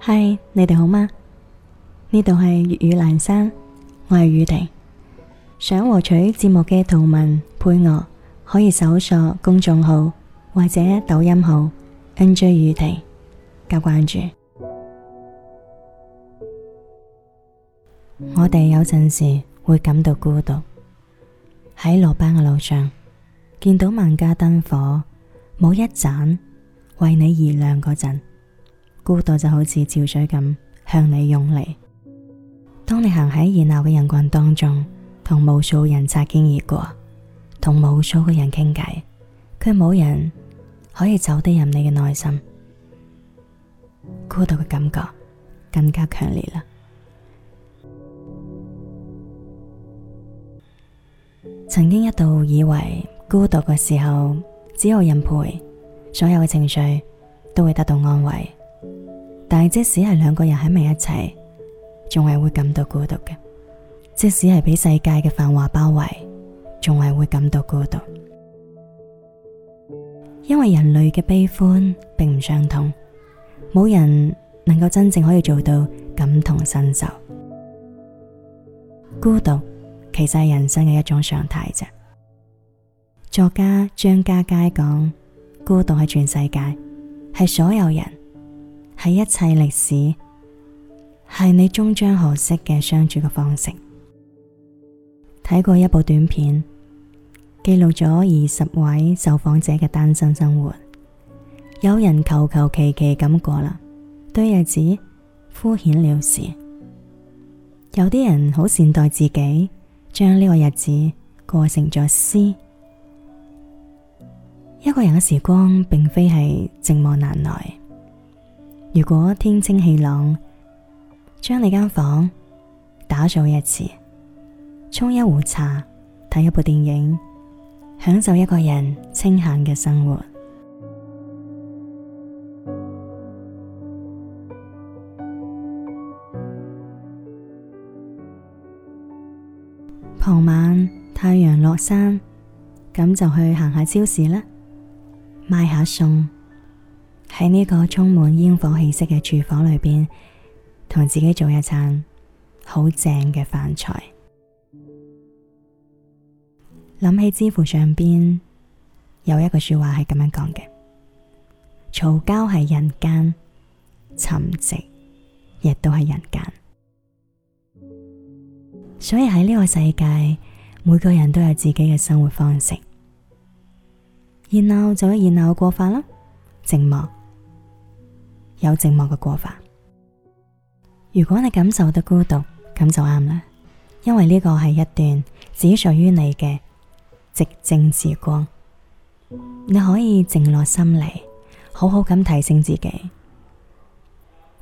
嗨，Hi，你哋好嗎？呢度係粵語蘭山，我係宇婷。想獲取節目嘅圖文配樂，可以搜索公眾號或者抖音號 NJ 宇婷加關注。 我哋有陣時會感到孤獨，喺落班嘅路上見到萬家燈火，冇一盞為你而亮嗰陣。孤獨就好似潮水咁向你湧嚟。當你行喺熱鬧嘅人群當中，同無數人擦肩而過，同無數個人傾偈，卻冇人可以走得入你嘅內心，孤獨嘅感覺更加強烈啦。曾經一度以為孤獨嘅時候，只有人陪，所有嘅情緒都會得到安慰。但係，即使係兩個人喺埋一齊，仲係會感到孤獨嘅；即使係俾世界嘅繁華包圍，仲係會感到孤獨。因為人類嘅悲歡並唔相同，冇人能夠真正可以做到感同身受。孤獨其實係人生嘅一種常態啫。作家張嘉佳講：孤獨係全世界，係所有人。係一切歷史，係你終將學識嘅相處嘅方式。睇過一部短片，記錄咗二十位受訪者嘅單身生活。有人求求其其咁過啦，對日子敷衍了事；有啲人好善待自己，將呢個日子過成咗詩。一個人嘅時光，並非係寂寞難耐。如果天清氣朗，將你間房打掃一次，沖一壺茶，睇一部電影，享受一個人清閒嘅生活。傍晚太陽落山，咁就去行下超市啦，買下餸。喺呢個充滿煙火氣息嘅廚房裏邊，同自己做一餐好正嘅飯菜。諗起知乎上邊有一句說話係咁樣講嘅，嘈交係人間，沉寂亦都係人間。所以喺呢個世界，每個人都有自己嘅生活方式。熱鬧就有熱鬧過法啦，寂寞。有寂寞嘅過法。如果你感受得孤獨，咁就啱啦，因為呢個係一段只屬於你嘅寂靜時光。你可以靜落心嚟，好好咁提升自己，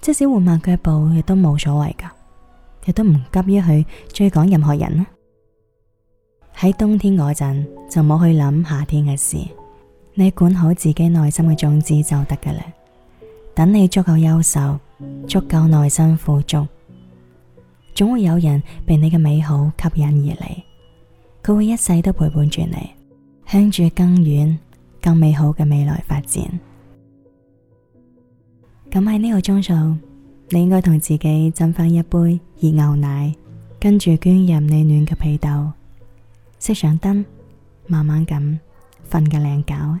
即使緩慢腳步，亦都冇所謂噶，亦都唔急於去追趕任何人啦。喺冬天嗰陣，就冇去諗夏天嘅事，你管好自己內心嘅種子就得噶啦。等你足夠優秀，足夠內心富足，總會有人被你嘅美好吸引而嚟。佢會一世都陪伴住你，向住更遠、更美好嘅未來發展。咁喺呢個鐘數，你應該同自己斟翻一杯熱牛奶，跟住捐入你暖嘅被竇，熄上燈，慢慢咁瞓個靚覺。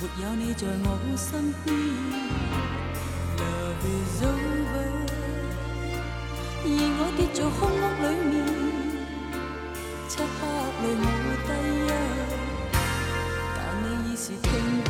沒有你在我身邊，Love is over，而我跌在空屋裏面，漆黑裏我低泣，hmm. mm hmm. 但你已是聽。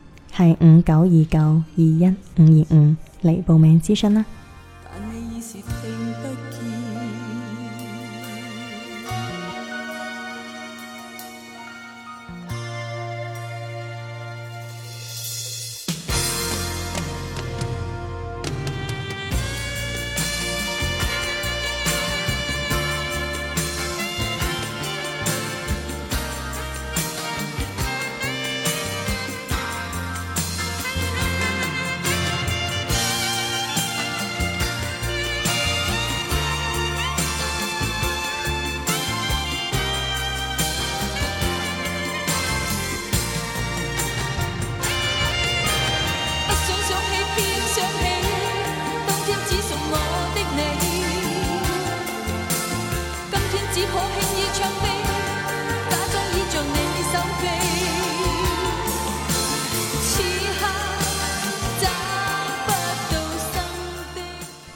係五九二九二一五二五嚟報名諮詢啦。